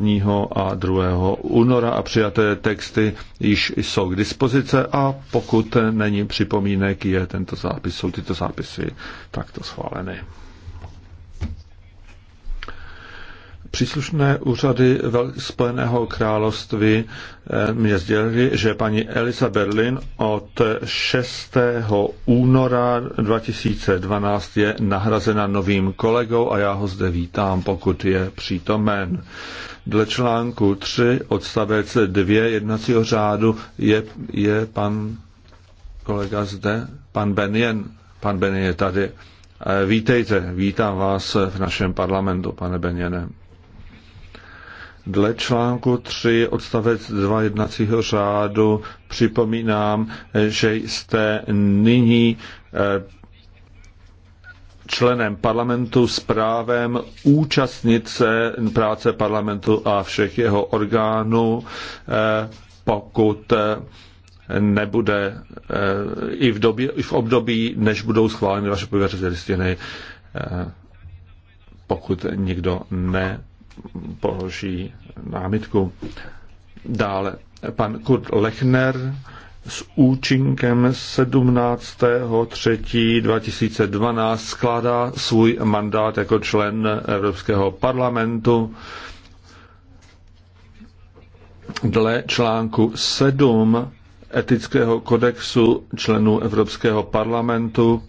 1. a 2. února a přijaté texty již jsou k dispozice a pokud není připomínek, je tento zápis, jsou tyto zápisy takto schváleny. Příslušné úřady Spojeného království eh, mě sdělili, že paní Elisa Berlin od 6. února 2012 je nahrazena novým kolegou a já ho zde vítám, pokud je přítomen. Dle článku 3 odstavec 2 jednacího řádu je, je pan kolega zde, pan Benjen, pan Benjen je tady. Eh, vítejte, vítám vás v našem parlamentu, pane Benjenem. Dle článku 3 odstavec 2 jednacího řádu připomínám, že jste nyní eh, členem parlamentu s právem účastnit se práce parlamentu a všech jeho orgánů, eh, pokud eh, nebude i v, době, i v období, než budou schváleny vaše pověřené listiny, pokud nikdo ne položí námitku. Dále pan Kurt Lechner s účinkem 17.3.2012 skládá svůj mandát jako člen Evropského parlamentu dle článku 7 etického kodexu členů Evropského parlamentu